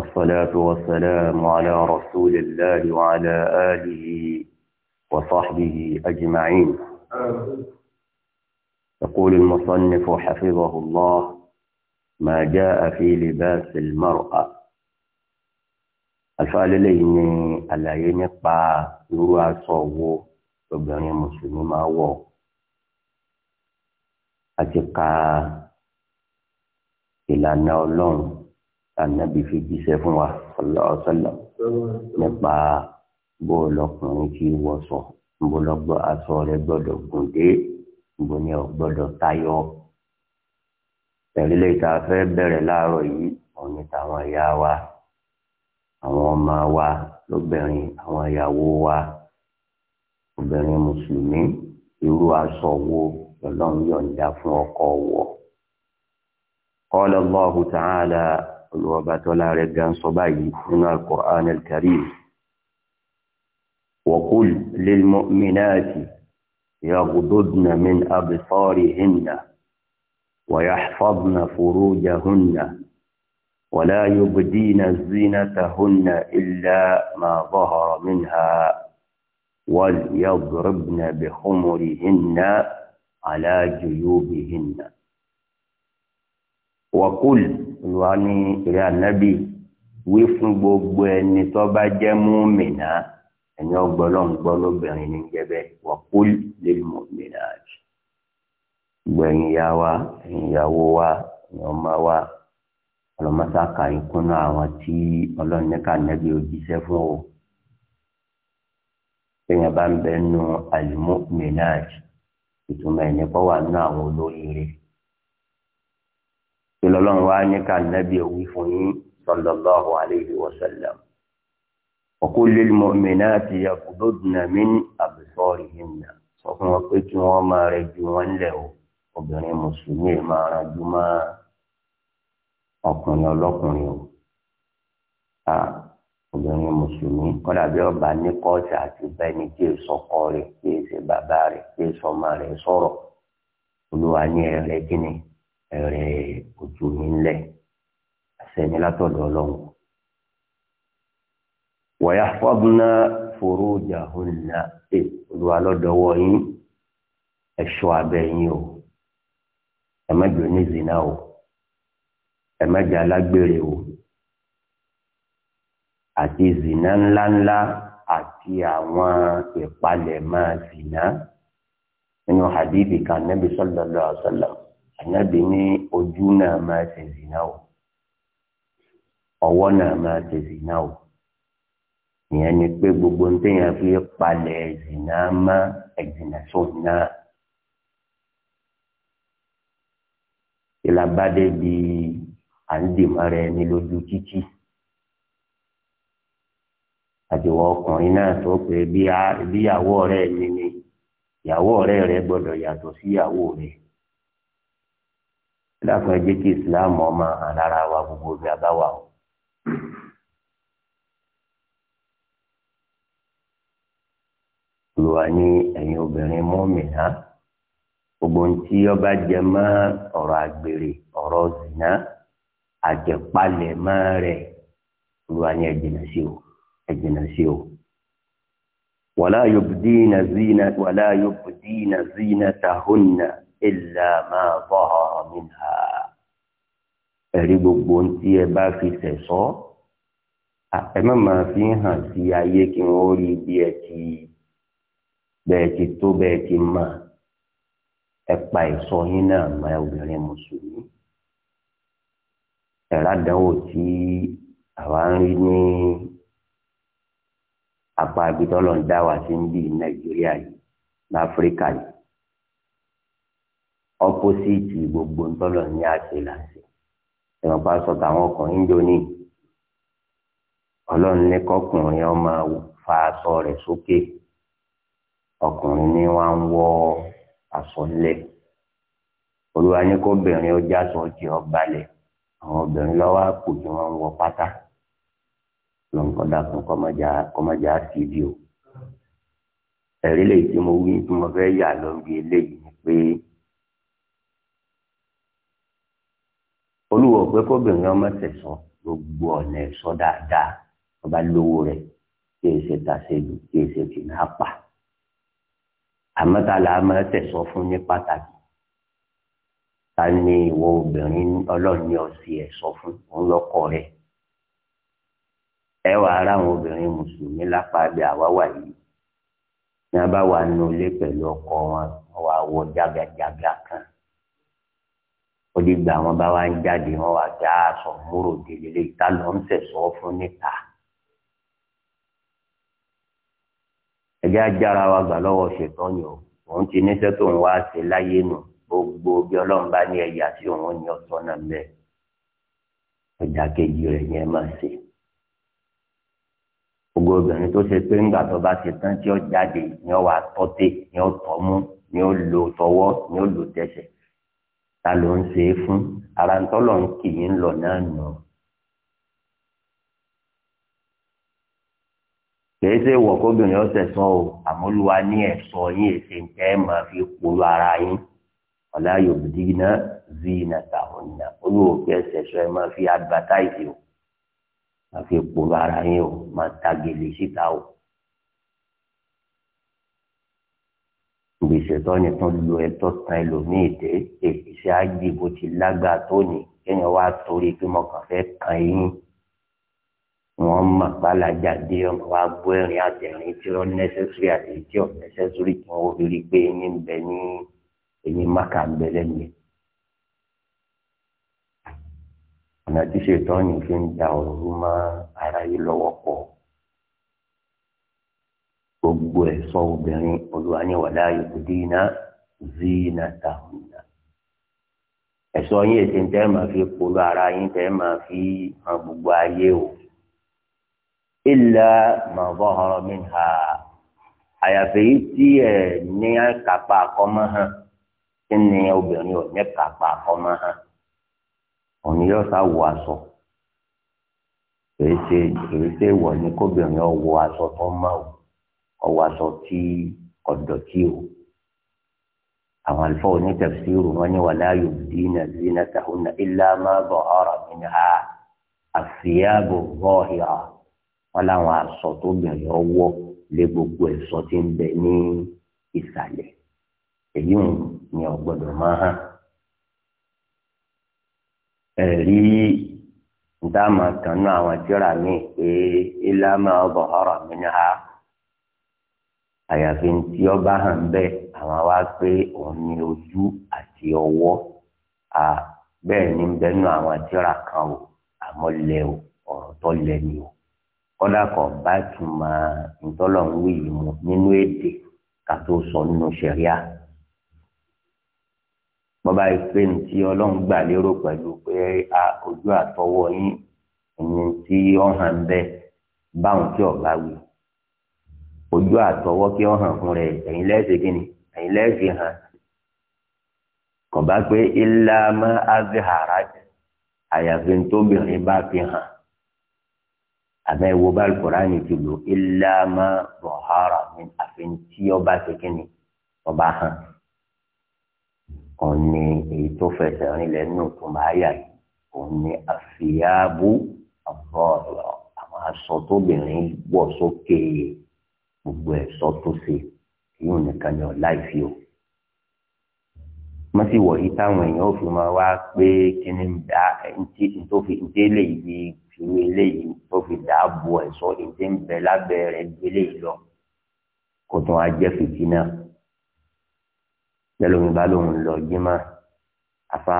والصلاة والسلام على رسول الله وعلى آله وصحبه أجمعين يقول المصنف حفظه الله ما جاء في لباس المرأة alfa لين على àlàyé nípa irú aṣọ wo obìnrin mùsùlùmí máa wọ̀ àti ànábì fi jíṣẹ́ fún wa sallallahu alaihi wasallam nípa bó lọkùnrin tí wọṣọ bó lọgbọ aṣọ rẹ̀ gbọ́dọ̀ gùn dé bó ní ọ gbọ́dọ̀ tayọ tẹlifílẹ ìta fẹ́ bẹ̀rẹ̀ láàárọ̀ yìí òní táwọn ìyá wa àwọn ọmọ wa lóbìnrin àwọn ìyàwó wa obìnrin mùsùlùmí irú aṣọ wo lọ́lọ́run yọ̀ǹda fún ọkọ wọ̀. قال الله تعالى olùwọ́ba tọ́lá rẹ̀ من القرآن الكريم وقل للمؤمنات al يغضضن من أبصارهن ويحفظن فروجهن ولا يبدين زينتهن إلا ما ظهر منها وليضربن بخمرهن على جيوبهن wọ́kùl olùwà ní ìrẹ́ ànábì wí fún gbogbo ẹni tó bá jẹ́ múmìnà ẹni ọgbọ́lọ́ngbọ́ lóbìnrin ní jẹ́bẹ́ wọ́kùl lil mu'minat gbogbo ẹ̀yin ìyá wa ẹ̀yin ìyàwó wa ẹ̀yin ọmọ wa ọlọ́mọsáka ìkúnná àwọn tí ọlọ́run ànábì òjíṣẹ́ fún o èèyàn bá ń bẹ́ẹ̀ nu al mu'minat ìtumọ̀ ẹ̀ nípa wà nínú àwọn olóríire ìlọlọ́run wa ní ká nàbí òwì fún yín sallallahu alayhi wa sallam. wa kullil mu'minati yaghdudna min absarihinna sọ fún wọn pé kí wọ́n máa rẹ ju wọn lẹ̀ o obìnrin mùsùlùmí máa ràn jù mọ́ ọkùnrin ọlọ́kùnrin o obìnrin mùsùlùmí kọ́dà bí ọba ní kọ́ọ̀tì àti bẹ́ni kí èso ọkọ rẹ̀ kí èso bàbá rẹ̀ kí èso ọmọ rẹ̀ sọ̀rọ̀ olúwa ní ẹ̀rẹ́ kí ẹ̀rẹ̀ ojú mi ńlẹ̀ àṣẹni látọ̀dọ̀ ọlọ́run. wọ̀yà fọ́bùnà fòrò jàhùnà ẹ̀ olúwa lọ́dọ̀ọ́wọ́ yín ẹ̀ṣọ́ abẹ́ yín o ẹ má jẹ́ onízìnnà o ẹ má jẹ́ alágbèrè o àti zìnnà ńláńlá àti àwọn ìpalẹ̀mọ́ zìnnà nínú hadithi kan nabi sallallahu alaihi wasallam ànábì ní ojú náà máa ṣe zina o ọwọ́ náà máa ṣe zina o ìyẹn ni pé gbogbo ń tẹ̀yàn fi palẹ̀ zina má ẹ̀jìnà sóun náà. ìlàbádé di à ń dìmọ́ rẹ ní lójú títì àdìwọ ọkùnrin náà tó pé bí rẹ mi ni ìyàwó rẹ rẹ gbọ́dọ̀ yàtọ̀ sí rẹ. Si dákun ẹ jẹ́ kí islam ọmọ àlára wa gbogbo bí a bá wà o. olùwà ní ẹ̀yin obìnrin mọ́mìnà gbogbo ń tí ọba jẹ mọ́ ọ̀rọ̀ àgbèrè ọ̀rọ̀ zina àjẹpalẹ̀ mọ́ rẹ̀ olùwà ní ẹ sí o ẹ sí o. wàlá yubdina zina wàlá yubdina zinatahunna ìlà máa bọ̀ ọ̀mìn ha ẹ̀rí gbogbo tí ẹ bá fi sẹ̀sọ́ ẹ má máa fi hàn sí ayé kí wọ́n rí bí ẹ ti bẹ́ẹ̀ ti tó bẹ́ẹ̀ ti mà ẹ ìsọ yín náà mọ́ obìnrin mùsùlùmí ẹ̀rá tí àwa ń rí ní apá abitọ́lọ̀ ń dá wa sí ń bí Nàìjíríà yìí ní Áfíríkà yìí ọpọsíìtì gbogbo ńtọ́lọ̀ ní àṣẹ làṣẹ ìwọ̀n bá sọ táwọn ọkùnrin jọ ní ọlọ́run ní kọkùnrin ọmọ fa aṣọ rẹ̀ sókè ọkùnrin ní wá ń wọ aṣọ lẹ̀ olúwa ní kóbìnrin ọjà sọ jẹ ọbalẹ̀ àwọn obìnrin lọ́wọ́ àpò tí wọ́n ń wọ pátá lọ́nkọ́dá fún kọ́mọjà fídíò ẹ̀rí lè tí mo wí tí mo fẹ́ yà lọ́ọ́ bí eléyìí ni pé. pé kóbìnrin ọmọ tẹ̀sán gbogbo ọ̀nà ẹ̀sọ́ dáadáa ọba lówó rẹ̀ kí ẹ ṣe tàṣejù kí ẹ ṣe kì náà pa àmọ́ ta là á máa tẹ̀sán fún ní pàtàkì ta ni ìwọ obìnrin ọlọ́run ọ̀sìn ẹ̀sọ́ fún òun lọ́kọ rẹ̀ ẹ wàá ráwọn obìnrin mùsùlùmí lápá bí àwa wà yìí ní a bá pẹ̀lú ọkọ wọn wà wọ jágàjágà ó di gbà wọn bá wá ń jáde wọn wà já aṣọ múrò délélé ìta ló ń sẹ̀sọ́ fún níta. ẹjẹ́ ajára wa gbà lọ́wọ́ ṣètọ́ ni o òun ti níṣẹ́ tó ń wá ṣe láyé nù gbogbo bí ọlọ́run bá ní ẹ̀yà tí òun ní ọ̀tọ̀ náà mẹ́ ọjà kejì rẹ̀ yẹn máa ṣe. gbogbo obìnrin tó ṣe pé ńgbà tó bá ṣe tán tí ó jáde ni ó wà tọ́tẹ̀ ni ó tọ́ mú ni ó lò tọwọ́ ni ó lò tẹsẹ̀ ta ló ń ṣe é fún ara ń tọ́lọ̀ ń kì í ń lọ náà nù. kìí ṣe wọ̀ kóbìnrin ọ̀sẹ̀ sọ o àmọ́lúwa ní ẹ̀sọ́ yín èsì ń tẹ́ máa fi polú ara yín ọ̀la yòbùdínà zina tàhùnà olóòfẹ́ ẹsẹ̀ sọ ẹ máa fi advertise o máa fi polú ara yín o máa tagele síta o. ṣètọ́ ni tán lu ẹtọ́ tan ẹlòmíì dé ìṣe ájì bó ti lágbá tó ní kéèyàn wá torí pé mo kàn fẹ́ kan yín wọn mọ gbalaja dé ọmọ wa gbọ́ ẹ̀rín àtẹ̀rín tí ó nẹ́sẹ̀sìrì àti tí ó nẹ́sẹ̀sìrì tí wọ́n fi rí pé eyín bẹ ní eyín máka ń bẹ lẹ́nu ọ̀nà tí ṣètọ́ fi ń da ọ̀rọ̀ mọ́ ara yìí lọ́wọ́ pọ̀ gbogbo ẹ̀ṣọ́ obìnrin olúwa ní wàlá yubdina zinatahunna ẹ̀ṣọ́ yín èsì tẹ́ máa fi polú ara yín tẹ́ máa fi hàn gbogbo ayé o illa ma zahara minha àyàfẹ́ yìí tí ẹ̀ ní kápá akọ́mọ́ hàn kí ni obìnrin ò ní kápá akọ́mọ́ hàn òní yóò sá wọ aṣọ èyí ṣe èyí ṣe wọ̀ ní kóbìnrin ọ̀ wọ aṣọ tó máa wò. ọwọ́ aṣọ tí ọ̀dọ̀tí o àwọn àlùfáà onítẹ̀síìrù wọn ni wà láàyò dínà zina tahunna ilá má bọ̀ ọ̀rọ̀ mi ni a àfìyàbò rọ́ọ̀hìrà wọn làwọn aṣọ tó bẹ̀rẹ̀ ọwọ́ lé gbogbo tí ń bẹ ní ìsàlẹ̀ èyí máa hàn ẹ̀rí dáàmà kan náà àwọn tíra mi pé ilá má bọ̀ ọ̀rọ̀ ni a. àyàfi tí ọba hàn bẹ́ẹ̀ àwọn wá pé òun ní ojú àti ọwọ́ a bẹ́ẹ̀ ni ń bẹnu àwọn tíra kan o àmọ́ lẹ o ọ̀rọ̀ tó lẹ ni o kọ́dà kan bá túmọ̀ ntọ́lọ̀ ń wí yìí mu nínú èdè ká tó sọ nínú sẹ̀ríà bọ́bá yìí pé ọlọ́run gbà lérò pẹ̀lú pé a ojú àtọwọ́ yín ẹ̀yìn tí ọ̀hàn bẹ́ẹ̀ báwọn tí ọba wí ojú àtọwọ́ kí ọ hàn fún rẹ ẹ̀yin lẹ́sẹ̀ kínní ẹ̀yin lẹ́sẹ̀ hàn kàn bá pé ilá má azihara àyàfi tóbìnrin bá fi hàn àmọ́ ẹ wo bá Al-Kùránì ti lò ilá má bọ̀hárà ní àfi tí ọba ṣe kínní ọba hàn òun èyí tó fẹsẹ̀ rìn lẹ́nu tó máa yà yìí òun ni àfìyàbù àbọ̀ àwọn aṣọ tóbìnrin wọ̀ sókè. So gbogbo ẹ̀sọ́ tó ṣe yóò nìkan ní ọ̀la o. wọ́n sì wọ̀ yìí táwọn èèyàn ò fi máa wá pé kí ni da ntí tó fi ntí eléyìí fi eléyìí tó fi dáàbò ẹ̀sọ́ ntí ń bẹ lábẹ́ rẹ̀ gbé eléyìí lọ kó tó wá jẹ́ fìdí náà. lẹ́lómi bá lóun lọ jímọ̀ afá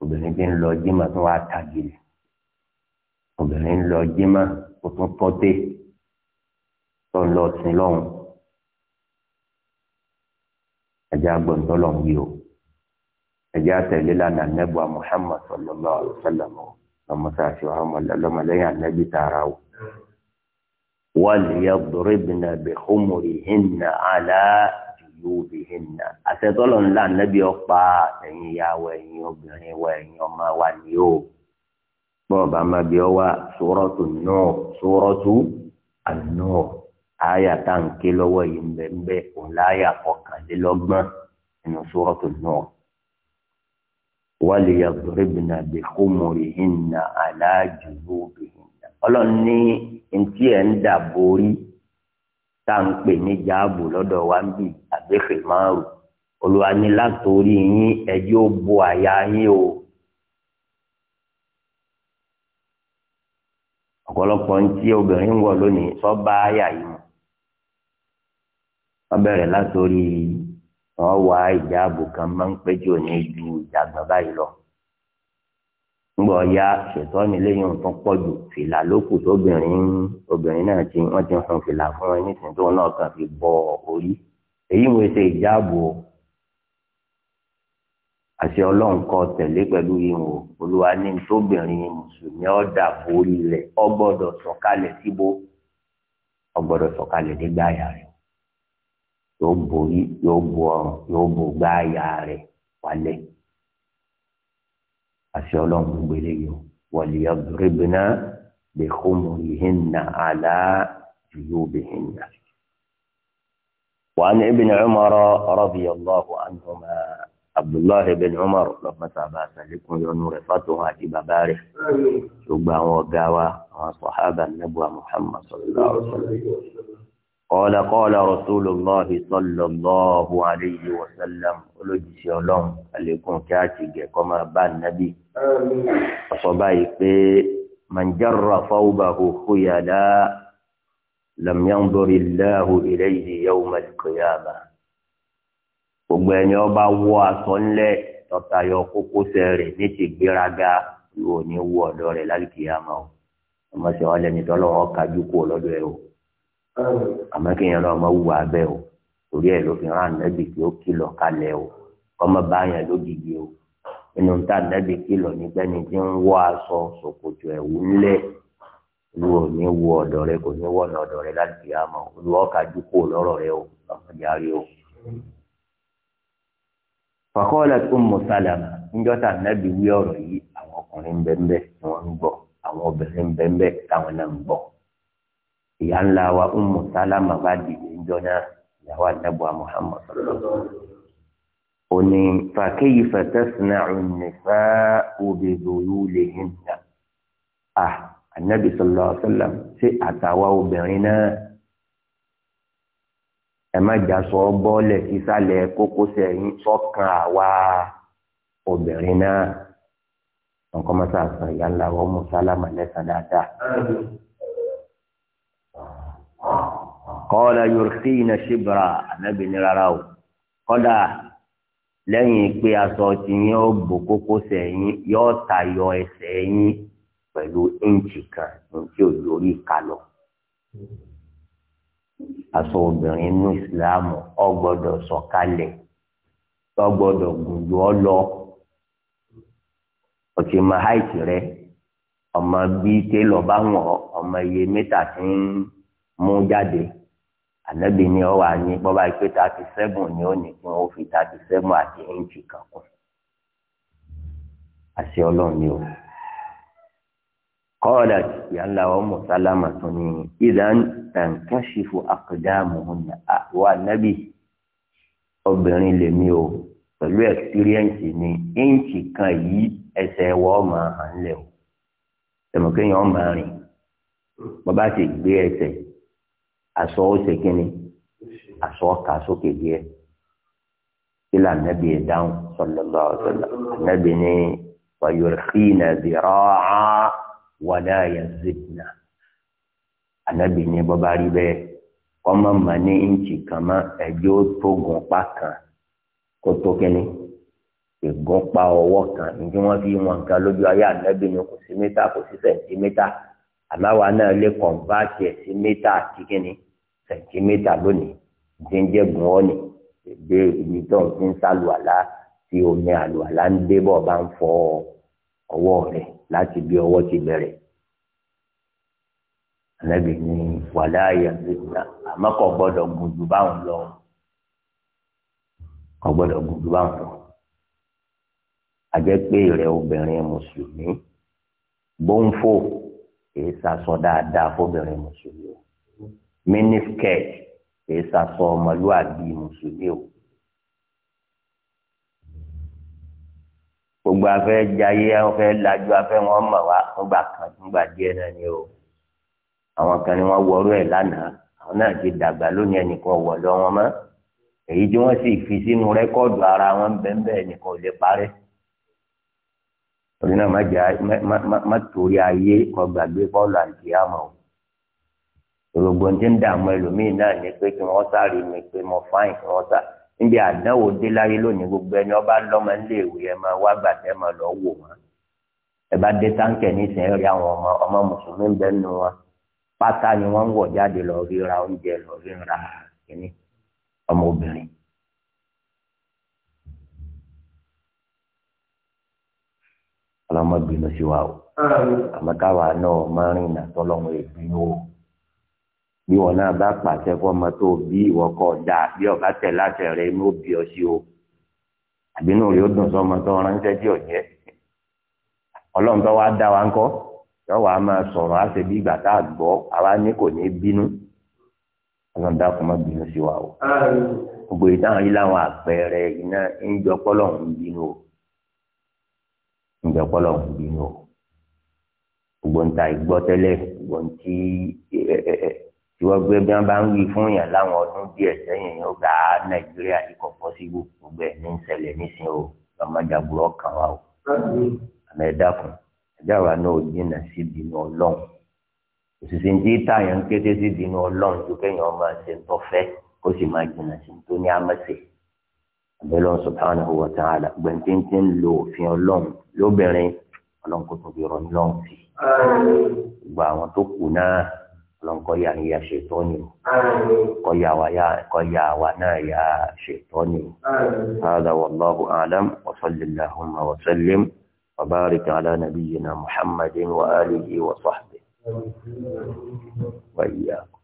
obìnrin tí ń lọ jímọ̀ tó wá tagìrì obìnrin ń lọ jímọ̀ tó tún tọ́tẹ́ tó lọ sin lọ́hùn ẹjẹ agbọ̀ntọ́ lọ́hùn yìí o ẹjẹ àtẹ̀lé lánà nẹ́bù Muhammad sallallahu alaihi wasallam lọ́mọsáàsì ọmọlẹ́yìn ànẹ́bí tààrà o. وليضربن بخمرهن على جيوبهن àṣetọ́lọ̀ ńlá nẹ́bí ọ̀pá ẹ̀yin ìyàwó ẹ̀yin obìnrin wa ẹ̀yin ọmọ wa ni o bọ́ọ̀bà máa bí ọ wá Suratu Nur Suratu àyà tá à ń ké lọ́wọ́ yìí ń bẹ ń bẹ òun láyà ọ̀kànlélọ́gbọ̀n nínú Suratul Nur. waliyadribna bikhumurihinna ala junubihinna. ọlọ́run ní ntí ẹ̀ ń dà borí tá à ń pè ní jáàbù lọ́dọ̀ wa ń bì àgbẹ̀fẹ̀ márùn. olùwà ní látòrí yín ẹjọ́ bo àyà yín o. ọ̀pọ̀lọpọ̀ ntí obìnrin ń wọ̀ lónìí sọ́ba àyà yìí bẹ̀rẹ̀ látòrí wọ́n wá ìjáàbù kan máa ń péjọ ní ju ìjàgbọ́n báyìí lọ. ńgbọ̀ ya ṣètọ́ ni lẹ́yìn tó pọ̀ jù fìlà lókù tóbìnrin obìnrin náà ti wọ́n ti hun fìlà fún ẹ nísìnyí tóun náà kàn fi bọ orí èyí wọ́n ṣe ìjáàbù o àṣẹ ọlọ́run kọ tẹ̀lé pẹ̀lú ihò olúwa ní tóbìnrin mùsùlùmí ọ̀dà borí rẹ̀ ọgbọ́dọ̀ sọ̀kalẹ̀ síbo ọgbọ́dọ̀ sọ̀kalẹ̀ dégbà yàrá yóò borí yóò bo ọrùn yóò bo gbáàyà rẹ̀ wálẹ̀ àṣẹ ọlọ́run gbélé yìí wọlé ọdúnrẹ́bìnà lè kómọ yìhìn nà àlá jùlọ bìhìn nà. وعن ابن عمر رضي الله عنهما عبد الله بن عمر لما سابا سلكم يونور فتوها إبا بارك ثم وقاوة وصحابة النبوة محمد صلى الله عليه وسلم قال قال رسول الله صلى الله عليه وسلم olójúṣe ọlọ́run àlékún kí á ti gẹ̀ kọ́ máa bá nàbí. ọ̀sọ̀ báyìí pé man jarra thawbahu khuyala lam yanzur Allahu ilayhi yawma al-qiyamah. gbogbo ẹni ọba wọ aṣọ ńlẹ̀ tọ́tayọ kókósẹ̀ rẹ̀ ní ti gbéraga yóò ní wọ ọ̀dọ́ rẹ̀ lálùkìyàmá o. ọmọ sẹ́wọ́n àmọ́ kí yẹn lọ́ọ́ máa wù abẹ́ o torí ẹ̀ ló fi hàn nẹ́bì tí ó kìlọ̀ kalẹ̀ o kọ́mọ bá yẹn lógìgì o inú ta nẹ́bì kìlọ̀ nígbà ni tí ń wọ aṣọ ṣòkòtò ẹ̀wù ńlẹ̀ olúwo ní wọ ọ̀dọ̀ rẹ kò ní wọ ọ̀dọ̀ rẹ láti àmọ́ olúwo kájú kó lọ́rọ̀ rẹ o ọmọdéyàrí o. fàkọ́ọ̀lẹ̀ tó mọ sálàmà níjọ́ta nẹ́bì wí ọ̀rọ̀ yìí àwọn ọkùnrin ń bẹ́ńbẹ́ tí wọ́n ń gbọ́ àwọn obìnrin ń bẹ́ńbẹ́ táwọn náà ń ìyá ńlá wa Ummu Salama bá dìde ńjọ náà ìyàwó àtẹ́bùà Muhammad sallallahu ó ní fa kayfa tasna'u an-nisa'u bi dhuyulihinna à ah, ànábì sallallahu alaihi wasallam ṣé àtàwa obìnrin náà ẹ má jà sọ bọ́ọ̀lẹ̀ sísàlẹ̀ kókósẹ̀ yín sọ́kàn àwa obìnrin náà nǹkan mọ́tà sọ ìyá ńlá wa Ummu Salama lẹ́sàn kọ́ọ̀lá yorùkí iná ṣibra ànábì ní o kọ́dà lẹ́yìn pé aṣọ ti yín ó bò kókó sẹ́yìn yóò yọ ẹsẹ̀ yín pẹ̀lú íǹtì kan tí ò lórí ìkalọ̀ aṣọ obìnrin inú ìsìláàmù ọ gbọ́dọ̀ sọ̀kalẹ̀ ọ gbọ́dọ̀ ọ lọ ọtí ma háìtì rẹ ọmọ bíi ànábì ni ọ wà ní bọ́ba ìpè thirty seven ni ó ní kí wọ́n fi thirty seven àti íǹtì kan kù àṣẹ ọlọ́run ni o. kọ́ọ̀dà yàrá ọmọ sálámà tó ní ìdán tàǹkàṣìfò àkàdáàmù ọ̀nà àwọn ànábì obìnrin lèmi o pẹ̀lú ẹ̀sìpírẹ́ǹsì ni íǹtì kan yìí ẹsẹ̀ ẹ̀wọ́ ọmọ àhánlẹ̀ o tẹ̀mọ̀kẹ́yìn ọmọ rìn bọ́ba ti gbé ẹsẹ̀ yìí aṣọ ó ṣe kínní aṣọ kà sókè díẹ̀ ilà nàbì dáhùn sallallahu alaihi wasallam nàbì ní wàyọ̀rìkìnà zira'a wàlá yazidna ànábì ní bọ́bá rí bẹ́ẹ̀ ọmọ mà ní ìǹtì kan mọ́ tó gùn pa kan kó tó kínní ìgùn pa ọwọ́ kan níbi wọ́n fi wọn kan lójú ayé ànábì ní kò sí mítà kò sí sẹ̀ńtímítà àmọ́ náà lè kọ̀ǹbáàtì ẹ̀ sí mítà kíkínní sẹ̀ńtímítà lónìí ti ń jẹ́gun ọ́ ni èdè ibi tó ń fi ń sálùwàlá tí omi àlùwàlá ń dé bọ̀ bá ń fọ ọwọ́ rẹ̀ láti bí ọwọ́ ti bẹ̀rẹ̀. Ànábì ní wàlá àyàgbéga àmọ́ kò gbọ́dọ̀ gùn jù báwọn lọ. Kò gbọ́dọ̀ gùn jù báwọn lọ. Àjẹ́ pé rẹ̀ obìnrin Mùsùlùmí bó ń fò èé sasọ dáadáa fóbìnrin Mùsùlùmí miniskirt kìí sasọ ọmọlúwàbí mùsùlùmí o. gbogbo afẹ́ jayé afẹ́ lajú afẹ́ wọn mọ̀ wá nígbà kan nígbà díẹ̀ náà o àwọn kan ni wọ́n wọrú ẹ̀ lánàá àwọn náà ti dàgbà lónìí ẹnìkan wọ̀ lọ wọn mọ́ èyí tí wọ́n sì fi sínú rẹ́kọ́ọ̀dù ara wọn bẹ́ẹ̀ nìkan ò lè parẹ́ torí náà má torí ayé kó gbàgbé bọ́ọ̀lù àti àmọ́ o. gbogbo ndị ń dààmú ẹlòmíì náà ni pé kí wọ́n sáré mi pé mo fáìn kí wọ́n sá níbi àdánwò dé láyé lónìí gbogbo ẹni ọba lọma nílé ìwé ẹ máa wá gbàtẹ́ máa lọ wò wọ́n ẹ bá dé táǹkẹ̀ nísìnyí rí àwọn ọmọ ọmọ mùsùlùmí bẹ́ẹ̀ nù wọn pátá ni wọ́n ń wọ̀ jáde lọ ríra oúnjẹ lọ ríra ọmọbìnrin. wa káwa náà bí wọn náà bá pàṣẹ fọmọ tó bí ìwọ kọ dà bí ọba tẹ láti rẹ inú bí ọ sí o àbínú rẹ ó dùn sọmọ tó ránṣẹ́ tí ò jẹ Ọlọ́run tó wá dá wa ńkọ yọ wàá máa sọ̀rọ̀ á ṣe bí ìgbà tá a gbọ́ àwa ní kò ní bínú Ọlọ́run dákun má bínú sí wa o gbogbo ìtàn yìí láwọn àpẹẹrẹ iná ń jọ pọlọrun bínú o ń jọ pọlọrun bínú o gbogbo ń ta ìgbọ́ gbogbo ń ti ẹ ẹ ẹ tí wọ́n gbé bí wọ́n bá ń wí fún yàn láwọn ọdún díẹ̀ sẹ́yìn yóò gba nàìjíríà ikọ̀ pọ́sibú gbogbo ẹ̀ ní ìṣẹ̀lẹ̀ nísìnyí o lọ́mọdàbúrọ̀ kan wa o àmì ẹ̀dá kan ẹ̀dá wa náà jìnnà sí ìbínú ọlọ́run òṣìṣẹ́ ń dín táyàn kété sí ìbínú ọlọ́run tó kéèyàn máa ṣe ń tọ́fẹ́ kó sì máa jìnnà sí tó ní àmọ́sẹ̀ àbẹ̀lọ́ subhanahu wa ta'ala gbẹ̀ntíntì ń lo òfin ọlọ́run lóbìnrin ọlọ́run kò tún fi rọ̀ ní lọ́run sí gbogbo àwọn tó ọlọ́nkọ́ yà ní ya ṣètọ́ni o kọ́ yà wà yà kọ́ yà wà náà ya ṣètọ́ni o hādhā wallāhu a'lam wa salli llāhumma wa sallim wa bārik 'alā nabiyyinā muhammadin wa ālihi wa ṣaḥbihi wa iyyākum